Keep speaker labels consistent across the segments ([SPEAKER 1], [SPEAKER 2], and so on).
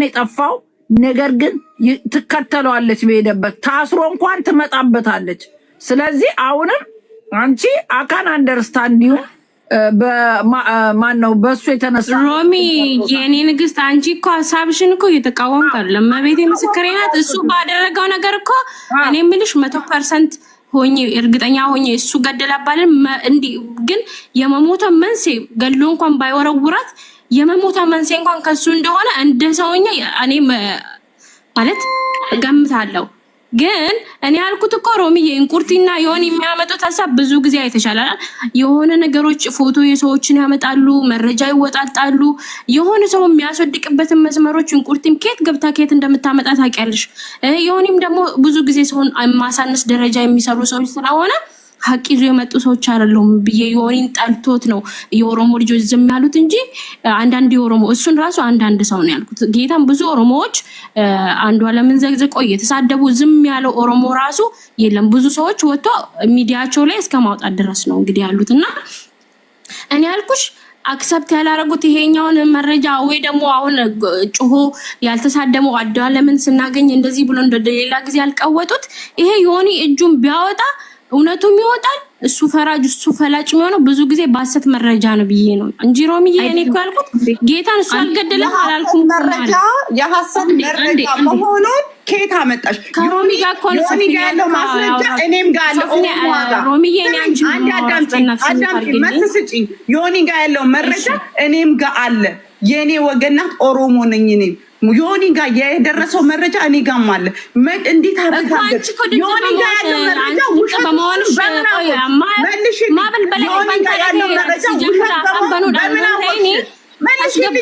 [SPEAKER 1] ነው የጠፋው። ነገር ግን ትከተለዋለች፣ በሄደበት ታስሮ እንኳን ትመጣበታለች። ስለዚህ አሁንም አንቺ አካን አንደርስታንድ ይሁን በማን ነው በእሱ የተነሳ
[SPEAKER 2] ሮሚ የእኔ ንግስት፣ አንቺ እኮ ሀሳብሽን እኮ እየተቃወምክ አይደለም። መቤቴ ምስክሬ ናት። እሱ ባደረገው ነገር እኮ እኔ የምልሽ መቶ ፐርሰንት ሆኜ እርግጠኛ ሆኜ እሱ ገደላባልን እንዲ ግን የመሞተ መንስኤ ገድሎ እንኳን ባይወረውራት የመሞታ መንስኤ እንኳን ከሱ እንደሆነ እንደ ሰውኛ እኔ ማለት እገምታለሁ። ግን እኔ ያልኩት እኮ ሮሚዬ እንቁርቲና የሆን የሚያመጡት ሀሳብ ብዙ ጊዜ አይተሻላል። የሆነ ነገሮች ፎቶ የሰዎችን ያመጣሉ፣ መረጃ ይወጣጣሉ። የሆነ ሰው የሚያስወድቅበትን መስመሮች እንቁርቲም ኬት ገብታ ኬት እንደምታመጣ ታውቂያለሽ። የሆኒም ደግሞ ብዙ ጊዜ ሰውን ማሳነስ ደረጃ የሚሰሩ ሰዎች ስለሆነ ሀቅ ይዞ የመጡ ሰዎች አይደለሁም ብዬ የሆኔን ጠልቶት ነው የኦሮሞ ልጆች ዝም ያሉት እንጂ አንዳንድ የኦሮሞ እሱን ራሱ አንዳንድ ሰው ነው ያልኩት። ጌታም ብዙ ኦሮሞዎች አንዱ አለምን ዘግዝቆ እየተሳደቡ ዝም ያለው ኦሮሞ ራሱ የለም። ብዙ ሰዎች ወጥቶ ሚዲያቸው ላይ እስከ ማውጣት ድረስ ነው እንግዲህ ያሉት እና እኔ ያልኩሽ አክሰፕት ያላረጉት ይሄኛውን መረጃ ወይ ደግሞ አሁን ጩሆ ያልተሳደመው አዳለምን ስናገኝ እንደዚህ ብሎ እንደሌላ ጊዜ ያልቀወጡት ይሄ የሆኒ እጁን ቢያወጣ እውነቱም ይወጣል። እሱ ፈራጅ እሱ ፈላጭ የሚሆነው ብዙ ጊዜ በሐሰት መረጃ ነው ብዬ ነው እንጂ ሮሚዬ፣ እኔ እኮ ያልኩት ጌታን እሱ አልገደለም
[SPEAKER 1] አላልኩም። መረጃ የሀሰት መረጃ መሆኑን ከየት አመጣሽ? ከሮሚ ጋር እኮ ነው ሮሚ ጋር ያለው ማስረጃ እኔም ጋር ያለው ሮሚዬ፣ እኔ አንቺ አዳምጪኝ፣ መልስ ስጪኝ። ዮኒ ጋር ያለው መረጃ እኔም ጋር አለ። የእኔ ወገናት ኦሮሞ ነኝ እኔም ዮኒ ጋር የደረሰው መረጃ እኔ ጋም አለ። እንዴት አረጋለች?
[SPEAKER 2] ዮኒ ጋር ያለው መረጃ ውሸት መልሽ። ዮኒ ጋር ያለው መረጃ ውሸት በመሆኑ ዮኒ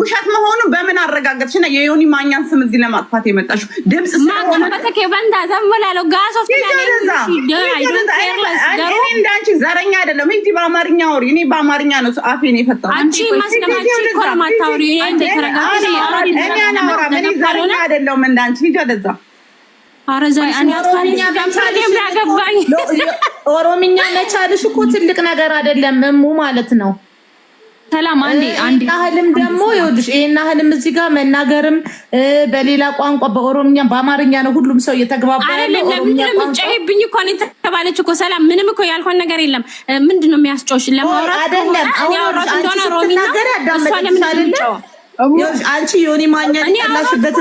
[SPEAKER 2] ውሸት መሆኑ በምን አረጋገጥሽ? እና የዮኒ ማኛን ስም እዚህ ለማጥፋት የመጣሽው ድምፅ እንዳንቺ
[SPEAKER 1] ዘረኛ አይደለም። በአማርኛ አውሪ። እኔ በአማርኛ ነው አፌን የፈታሁት። እኔ እኔ ዘረኛ አይደለሁም እንዳንቺ። ሂጂ ወደዛ ኦሮምኛ መቻልሽ እኮ ትልቅ ነገር አይደለም፣ እሙ ማለት ነው።
[SPEAKER 2] ሰላም አንዴ አንዴ
[SPEAKER 1] ህልም ደግሞ ይኸውልሽ፣ ይሄን ህልም እዚህ ጋር መናገርም በሌላ ቋንቋ በኦሮምኛ በአማርኛ ነው ሁሉም ሰው እየተግባባ
[SPEAKER 2] አይደለም። ለምንድን ነው የምትጨይብኝ? እኮ ነው የተባለች እኮ ሰላም። ምንም እኮ ያልኳን ነገር የለም። ምንድነው ነው የሚያስጨውሽ?
[SPEAKER 1] ለማውራት አይደለም። አሁን ያወራት እንደሆነ ኦሮምኛ እሷ ለምን ነው አንቺ ዮኒ ማኛ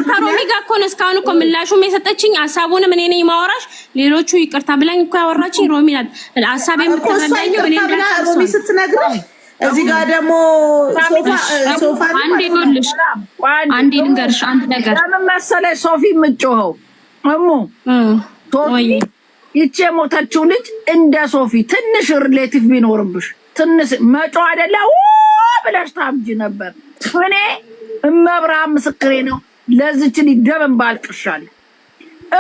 [SPEAKER 2] ከሮሚ ጋር እኮ ነው እስካሁን እኮ ምላሹም የሰጠችኝ ሀሳቡንም እኔ ነኝ ማወራሽ። ሌሎቹ ይቅርታ ብላኝ እኮ ያወራችኝ ሮሚ ናት። ሀሳብ
[SPEAKER 1] የምትበላኝ እኔ እዚህ ጋር ደግሞ
[SPEAKER 2] አንዴ ይኸውልሽ፣ አንዴ ልንገርሽ አንድ ነገር
[SPEAKER 1] ለምን ሶፊ የምትጮኸው እሙ ይቺ የሞተችው ልጅ እንደ ሶፊ ትንሽ ሪሌቲቭ ቢኖርብሽ ትንሽ መጮ አይደለ ብለሽ ታብጂ ነበር እኔ እመብርሃን ምስክሬ ነው። ለዚች ደብን ባልቅሻል።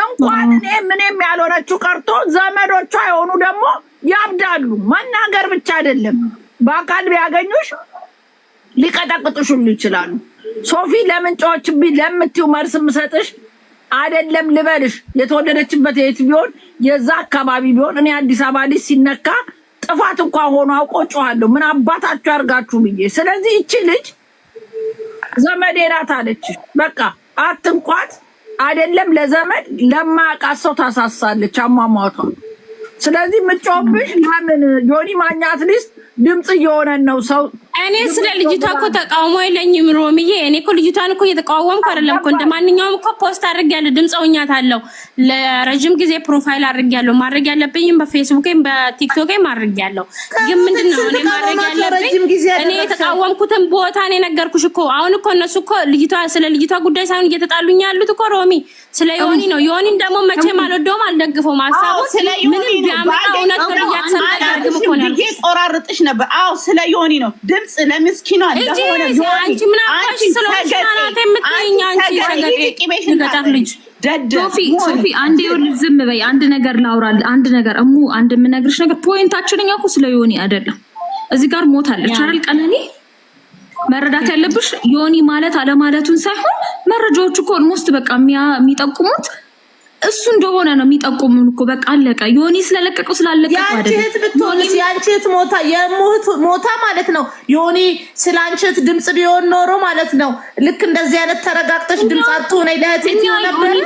[SPEAKER 1] እንኳን እኔ ምንም ያልሆነችው ቀርቶ ዘመዶቿ የሆኑ ደግሞ ያብዳሉ። መናገር ብቻ አይደለም፣ በአካል ቢያገኙሽ ሊቀጠቅጡሽ ሁሉ ይችላሉ። ሶፊ ለምንጫዎች ለምትዩ መርስ የምሰጥሽ አይደለም ልበልሽ፣ የተወለደችበት የት ቢሆን የዛ አካባቢ ቢሆን እኔ አዲስ አበባ ልጅ ሲነካ ጥፋት እንኳ ሆኖ አውቆ ጮኋለሁ። ምን አባታችሁ ያርጋችሁ ብዬ ስለዚህ ይቺ ልጅ ዘመዴ ናት አለች። በቃ አትንኳት። አይደለም ለዘመድ ለማያውቃት ሰው ታሳሳለች አሟሟቷ። ስለዚህ ምጮብሽ ለምን ጆኒ ማኛ ሊስት ድምፅ እየሆነን ነው ሰው
[SPEAKER 2] እኔ ስለ ልጅቷ እኮ ተቃውሞ የለኝም ሮሚዬ። እኔ እኮ ልጅቷን እኮ እየተቃወምኩ አይደለም እኮ እንደ ማንኛውም እኮ ፖስት አድርጌያለሁ፣ ድምፀውኛታለሁ። ለረጅም ጊዜ ፕሮፋይል አድርጌያለሁ። ማድረግ ያለብኝም በፌስቡኬም በቲክቶኬም አድርጌያለሁ። ግን ምንድነው እኔ ማድረግ ያለብኝ እኔ የተቃወምኩትን ቦታ ነው የነገርኩሽ እኮ። አሁን እኮ እነሱ እኮ ልጅቷ ስለ ልጅቷ ጉዳይ ሳይሆን እየተጣሉኝ ያሉት እኮ ሮሚ ስለ ዮኒ ነው። ዮኒን ደግሞ መቼም አልወደውም፣ አልደግፈውም።
[SPEAKER 1] ሀሳቡ ምንም ቢያመጣ እውነት ነው። እያሰ ቆራርጥሽ ነበር። አዎ ስለ ዮኒ ነው ድምፅ ግልጽ ለምስኪኗ
[SPEAKER 2] አንድ ዝም በይ። አንድ ነገር ላውራል። አንድ ነገር እሙ አንድ የምነግርሽ ነገር ፖይንታችን እኛ እኮ ስለ ዮኒ አይደለም። እዚህ ጋር ሞታለች አይደል? ቀነኒ መረዳት ያለብሽ ዮኒ ማለት አለማለቱን ሳይሆን መረጃዎቹ እኮ ኦልሞስት በቃ የሚጠቁሙት እሱ እንደሆነ ነው የሚጠቁሙን እኮ በቃ አለቀ። ዮኒ ስለለቀቀው ስላለቀ
[SPEAKER 1] ያንቺት ብትሆንስ ያንቺት ሞታ የሞት ሞታ ማለት ነው። ዮኒ ስላንቺት ድምፅ ቢሆን ኖሮ ማለት ነው። ልክ እንደዚህ አይነት ተረጋግተሽ ድምፅ አትሆነ ለህቴት ነበር።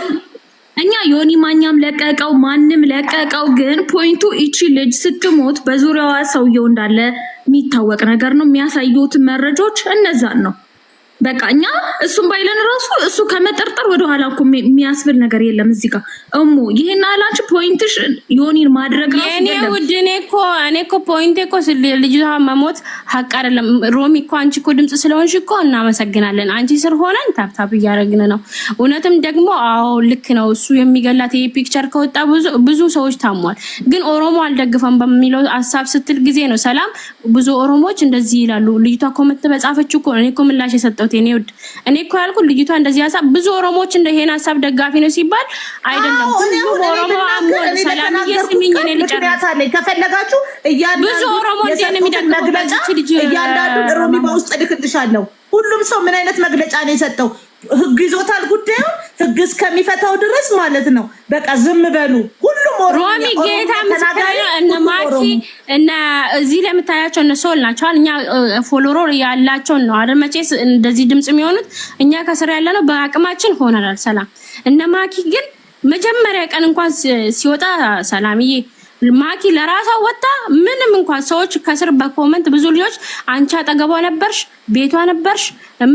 [SPEAKER 2] እኛ ዮኒ ማኛም ለቀቀው፣ ማንም ለቀቀው። ግን ፖይንቱ ይቺ ልጅ ስትሞት በዙሪያዋ ሰውየው እንዳለ የሚታወቅ ነገር ነው። የሚያሳዩትን መረጃዎች እነዛን ነው በቃ እኛ እሱን ባይለን ራሱ እሱ ከመጠርጠር ወደኋላ እኮ የሚያስብል ነገር የለም። እዚህ ጋር እሙ ይሄን አላንቺ ፖይንትሽ ዮኒን ማድረግ የኔ ውድ እኔ እኮ እኔ እኮ ፖይንት እኮ ልጅቷ መሞት ሀቅ አይደለም። ሮሚ እኮ አንቺ እኮ ድምፅ ስለሆንሽ እኮ እናመሰግናለን። አንቺ ስር ሆነን ታብታብ እያደረግን ነው። እውነትም ደግሞ አዎ ልክ ነው። እሱ የሚገላት ይሄ ፒክቸር ከወጣ ብዙ ሰዎች ታሟል። ግን ኦሮሞ አልደግፈም በሚለው ሀሳብ ስትል ጊዜ ነው ሰላም ብዙ ኦሮሞዎች እንደዚህ ይላሉ። ልጅቷ እኮ መተበጻፈች እኮ እኔ እኮ ምላሽ የሰጠሁት ማለት የኔ ውድ እኔ እኮ ያልኩ ልጅቷ እንደዚህ ሀሳብ ብዙ ኦሮሞዎች እንደ ይሄን ሀሳብ ደጋፊ ነው ሲባል
[SPEAKER 1] አይደለም። ብዙ ኦሮሞ አሞን ሰላም እየስሚኝ እኔ ልጨርስ ከፈለጋችሁ ብዙ ኦሮሞ እንዲን የሚደግፉ ልጅ እያንዳንዱ ሮሚ በውስጥ ልክልሻለሁ። ሁሉም ሰው ምን አይነት መግለጫ ነው የሰጠው? ህግ ይዞታል ጉዳዩ ህግ እስከሚፈታው ድረስ ማለት ነው። በቃ ዝም በሉ
[SPEAKER 2] ሁሉም። ሮሚ ጌታ ምስክር እነ ማኪ እነ እዚህ ለምታያቸው እነ ሶል ናቸዋል። እኛ ፎሎሮር ያላቸውን ነው አይደል? መቼስ እንደዚህ ድምፅ የሚሆኑት እኛ ከስር ያለ ነው በአቅማችን ሆነናል። ሰላም እነ ማኪ ግን መጀመሪያ ቀን እንኳን ሲወጣ ሰላምዬ ማኪ ለራሷ ወጣ። ምንም እንኳን ሰዎች ከስር በኮመንት ብዙ ልጆች አንቺ አጠገቧ ነበርሽ፣ ቤቷ ነበርሽ፣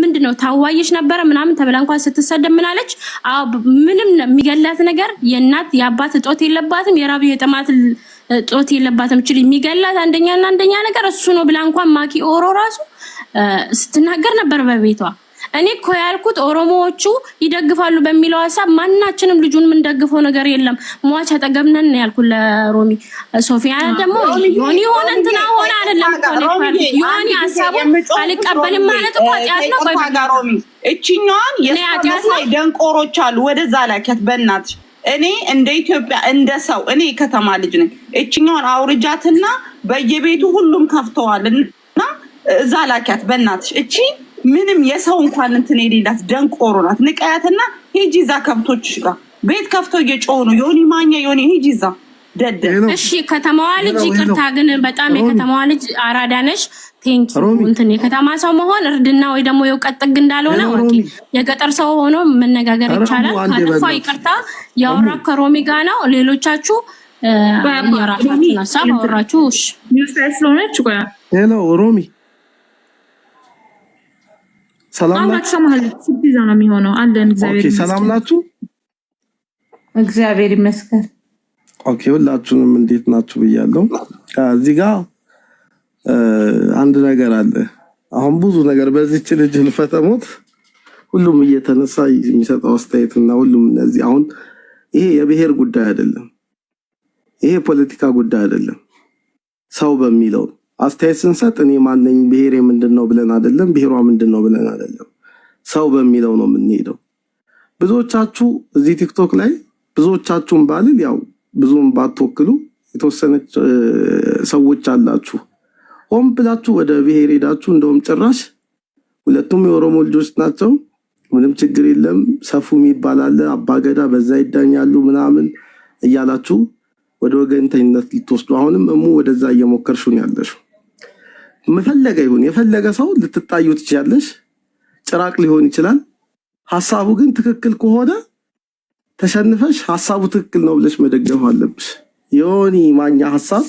[SPEAKER 2] ምንድን ነው ታዋየሽ ነበረ ምናምን ተብላ እንኳን ስትሰደብ ምናለች? አዎ ምንም የሚገላት ነገር የእናት የአባት እጦት የለባትም፣ የራብ የጥማት እጦት የለባትም። ችል የሚገላት አንደኛና አንደኛ ነገር እሱ ነው ብላ እንኳን ማኪ ኦሮ ራሱ ስትናገር ነበር በቤቷ እኔ እኮ ያልኩት ኦሮሞዎቹ ይደግፋሉ በሚለው ሀሳብ ማናችንም ልጁን የምንደግፈው ነገር የለም። ሟች አጠገብነን ያልኩት ለሮሚ ሶፊያ ደግሞ ዮኒ ሆነ እንትና ሆነ አይደለም ዮኒ ሀሳቡን አልቀበልም ማለት እኮ
[SPEAKER 1] ኃጢአት ነው። ሮሚ እችኛዋን የሳመሳይ ደንቆሮች አሉ። ወደዛ ላኪያት በእናትሽ። እኔ እንደ ኢትዮጵያ እንደ ሰው እኔ የከተማ ልጅ ነኝ። እችኛዋን አውርጃትና በየቤቱ ሁሉም ከፍተዋል እና እዛ ላኪያት በእናትሽ እቺ ምንም የሰው እንኳን እንትን የሌላት ደንቆሮ ናት። ንቀያትና ሂጂ እዛ ከብቶችሽ ጋር ቤት ከፍተው እየጮሁ ነው። ዮኒ ማኛ ዮኒ ሂጂ እዛ ደደብ።
[SPEAKER 2] እሺ ከተማዋ ልጅ ይቅርታ፣ ግን በጣም የከተማዋ ልጅ አራዳ ነሽ። ቴንኪ እንትን የከተማ ሰው መሆን እርድና ወይ ደግሞ የውቀት ጥግ እንዳልሆነ የገጠር ሰው ሆኖ መነጋገር ይቻላል። ከጥፋ ይቅርታ። ያወራ ከሮሚ ጋ ነው። ሌሎቻችሁ ራሳ ሀሳብ አወራችሁ።
[SPEAKER 1] ስለሆነች ሮሚ ሰላም ናችሁ?
[SPEAKER 2] እግዚአብሔር ይመስገን።
[SPEAKER 1] ኦኬ ሁላችሁንም እንዴት ናችሁ ብያለሁ። እዚህ ጋር አንድ ነገር አለ። አሁን ብዙ ነገር በዚች ልጅ ህልፈተ ሁሉም እየተነሳ የሚሰጠው አስተያየት እና ሁሉም እነዚህ አሁን ይሄ የብሔር ጉዳይ አይደለም፣ ይሄ የፖለቲካ ጉዳይ አይደለም፣ ሰው በሚለው ነው አስተያየት ስንሰጥ እኔ ማነኝ ብሔሬ ምንድን ነው ብለን አይደለም፣ ብሔሯ ምንድን ነው ብለን አይደለም፣ ሰው በሚለው ነው የምንሄደው። ብዙዎቻችሁ እዚህ ቲክቶክ ላይ ብዙዎቻችሁን ባልል ያው ብዙም ባትወክሉ የተወሰነች ሰዎች አላችሁ። ሆን ብላችሁ ወደ ብሔር ሄዳችሁ እንደውም ጭራሽ ሁለቱም የኦሮሞ ልጆች ናቸው፣ ምንም ችግር የለም፣ ሰፉም ይባላለ አባገዳ በዛ ይዳኛሉ ምናምን እያላችሁ ወደ ወገንተኝነት ልትወስዱ አሁንም እሙ ወደዛ እየሞከርሽን ያለሽው መፈለገ ይሁን የፈለገ ሰው ልትጣዩ ትችያለሽ። ጭራቅ ሊሆን ይችላል። ሀሳቡ ግን ትክክል ከሆነ ተሸንፈሽ ሀሳቡ ትክክል ነው ብለሽ መደገፍ አለብሽ። የዮኒ ማኛ ሀሳብ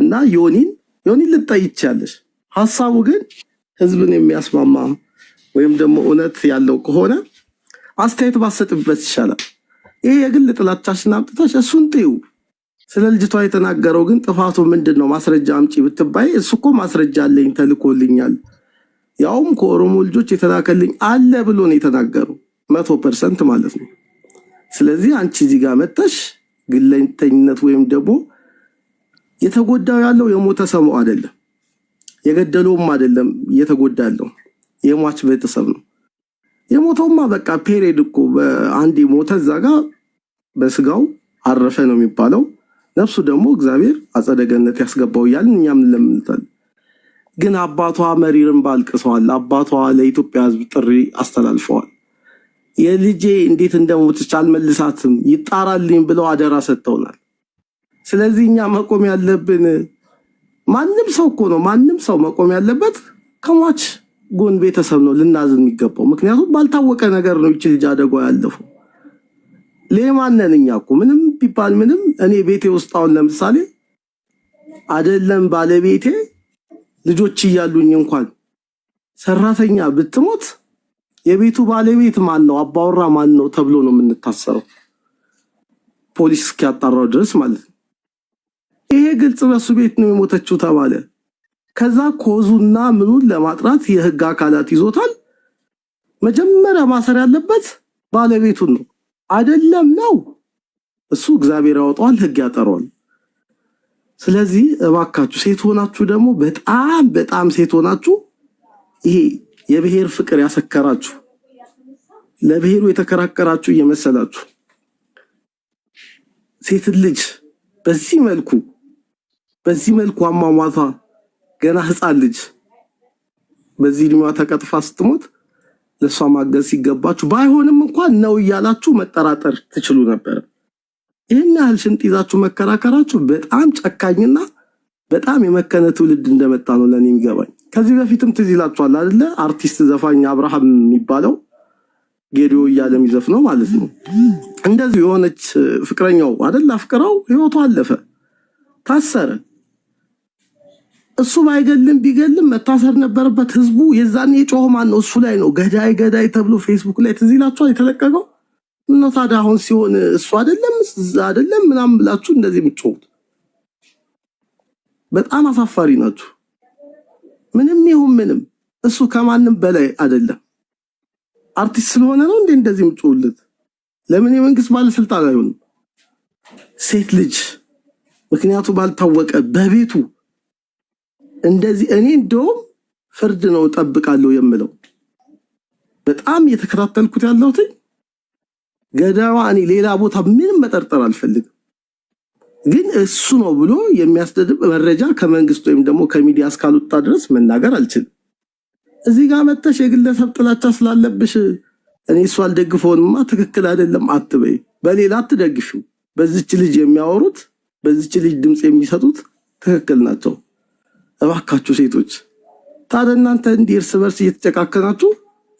[SPEAKER 1] እና ዮኒን ዮኒን ልትጠይ ትችያለሽ። ሀሳቡ ግን ህዝብን የሚያስማማ ወይም ደግሞ እውነት ያለው ከሆነ አስተያየት ባሰጥበት ይሻላል። ይሄ የግል ጥላቻሽን አምጥታሽ እሱን ጥዩ። ስለ ልጅቷ የተናገረው ግን ጥፋቱ ምንድን ነው? ማስረጃ አምጪ ብትባይ እሱ እኮ ማስረጃ አለኝ ተልኮልኛል፣ ያውም ከኦሮሞ ልጆች የተላከልኝ አለ ብሎ ነው የተናገሩ፣ መቶ ፐርሰንት ማለት ነው። ስለዚህ አንቺ እዚህ ጋር መጥተሽ ግለኝተኝነት ወይም ደግሞ የተጎዳው ያለው የሞተ ሰው አይደለም፣ የገደለውም አይደለም። እየተጎዳ ያለው የሟች ቤተሰብ ነው። የሞተውማ በቃ ፔሬድ እኮ አንድ ሞተ፣ እዛ ጋር በስጋው አረፈ ነው የሚባለው። ነፍሱ ደግሞ እግዚአብሔር አጸደ ገነት ያስገባው እያልን እኛም እንለምንታለን። ግን አባቷ መሪርን ባልቅሰዋል። አባቷ ለኢትዮጵያ ሕዝብ ጥሪ አስተላልፈዋል። የልጄ እንዴት እንደሞተች አልመልሳትም ይጣራልኝ ብለው አደራ ሰጥተውናል። ስለዚህ እኛ መቆም ያለብን ማንም ሰው እኮ ነው። ማንም ሰው መቆም ያለበት ከሟች ጎን ቤተሰብ ነው ልናዝን የሚገባው። ምክንያቱም ባልታወቀ ነገር ነው ይች ልጅ አደጓ ያለፈው። ሌማነን እኛ እኮ ምንም ቢባል ምንም። እኔ ቤቴ ውስጥ አሁን ለምሳሌ አይደለም ባለቤቴ ልጆች እያሉኝ እንኳን ሰራተኛ ብትሞት የቤቱ ባለቤት ማን ነው አባወራ ማን ነው ተብሎ ነው የምንታሰረው፣ ፖሊስ እስኪያጣራው ድረስ ማለት ነው። ይሄ ግልጽ በሱ ቤት ነው የሞተችው ተባለ። ከዛ ኮዙና ምኑን ለማጥራት የህግ አካላት ይዞታል። መጀመሪያ ማሰር ያለበት ባለቤቱን ነው። አይደለም ነው እሱ እግዚአብሔር ያወጣዋል፣ ህግ ያጠረዋል። ስለዚህ እባካችሁ ሴት ሆናችሁ ደግሞ በጣም በጣም ሴት ሆናችሁ ይሄ የብሔር ፍቅር ያሰከራችሁ ለብሔሩ የተከራከራችሁ እየመሰላችሁ ሴትን ልጅ በዚህ መልኩ በዚህ መልኩ አሟሟቷ ገና ህፃን ልጅ በዚህ እድሜዋ ተቀጥፋ ስትሞት ለእሷ ማገዝ ሲገባችሁ ባይሆንም እንኳን ነው እያላችሁ መጠራጠር ትችሉ ነበር። ይህን ያህል ሽንጥ ይዛችሁ መከራከራችሁ በጣም ጨካኝና በጣም የመከነ ትውልድ እንደመጣ ነው ለእኔ የሚገባኝ። ከዚህ በፊትም ትዝ ይላችኋል አይደለ? አርቲስት ዘፋኝ አብርሃም የሚባለው ጌዲዮ እያለ ነው ማለት ነው። እንደዚሁ የሆነች ፍቅረኛው አይደል አፍቅረው ህይወቱ አለፈ፣ ታሰረ። እሱም አይገልም ቢገልም መታሰር ነበረበት። ህዝቡ የዛን የጮኸ ማን ነው? እሱ ላይ ነው ገዳይ ገዳይ ተብሎ ፌስቡክ ላይ ትዝ ይላችኋል የተለቀቀው እና ታዲያ አሁን ሲሆን እሱ አይደለም አይደለም ምናምን ብላችሁ እንደዚህ የምትጮሁት በጣም አሳፋሪ ናችሁ። ምንም ይሁን ምንም እሱ ከማንም በላይ አይደለም። አርቲስት ስለሆነ ነው እንዴ እንደዚህ የምትጮሁለት? ለምን የመንግስት ባለስልጣን አይሆንም? ሴት ልጅ ምክንያቱ ባልታወቀ በቤቱ እንደዚህ እኔ እንደውም ፍርድ ነው እጠብቃለሁ የምለው በጣም እየተከታተልኩት ያለሁትኝ ገዳዋ እኔ ሌላ ቦታ ምንም መጠርጠር አልፈልግም። ግን እሱ ነው ብሎ የሚያስደድብ መረጃ ከመንግስት ወይም ደግሞ ከሚዲያ እስካልወጣ ድረስ መናገር አልችልም። እዚህ ጋር መተሽ የግለሰብ ጥላቻ ስላለብሽ እኔ እሱ አልደግፈውንማ ትክክል አይደለም አትበይ። በሌላ አትደግፊው። በዚች ልጅ የሚያወሩት በዚች ልጅ ድምፅ የሚሰጡት ትክክል ናቸው። እባካችሁ ሴቶች ታዲያ እናንተ እንዲህ እርስ በርስ እየተጨካከናችሁ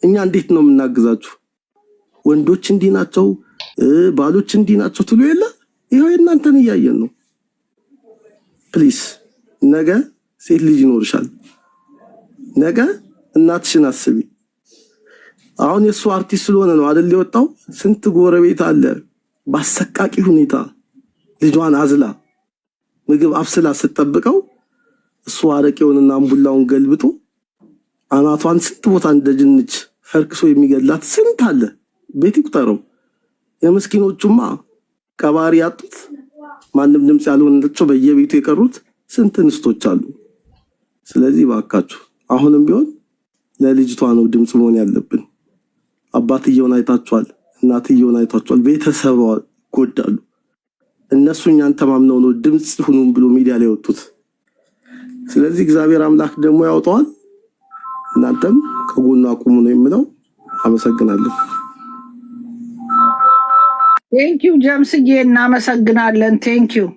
[SPEAKER 1] እኛ እንዴት ነው የምናግዛችሁ? ወንዶች እንዲህ ናቸው፣ ባሎች እንዲህ ናቸው ትሉ የለ? ይኸው የእናንተን እያየን ነው። ፕሊስ ነገ ሴት ልጅ ይኖርሻል። ነገ እናትሽን አስቢ። አሁን የእሱ አርቲስት ስለሆነ ነው አደል የወጣው። ስንት ጎረቤት አለ በአሰቃቂ ሁኔታ ልጇን አዝላ ምግብ አብስላ ስጠብቀው እሱ አረቄውንና አምቡላውን ገልብጦ አናቷን ስንት ቦታ እንደጅንች ፈርክሶ የሚገላት ስንት አለ። ቤት ይቁጠረው። የምስኪኖቹማ ቀባሪ ያጡት ማንም ድምፅ ያልሆነላቸው በየቤቱ የቀሩት ስንት እንስቶች አሉ። ስለዚህ ባካችሁ አሁንም ቢሆን ለልጅቷ ነው ድምፅ መሆን ያለብን። አባትየውን አይታችኋል፣ እናትየውን አይታችኋል። ቤተሰባ ጎዳሉ። እነሱ እኛን ተማምነው ነው ድምፅ ሁኑም ብሎ ሚዲያ ላይ ወጡት። ስለዚህ እግዚአብሔር አምላክ ደግሞ ያውጠዋል። እናንተም ከጎኑ አቁሙ ነው የምለው። አመሰግናለሁ።
[SPEAKER 2] ቴንኪው ጀምስዬ፣ እናመሰግናለን። ቴንኪው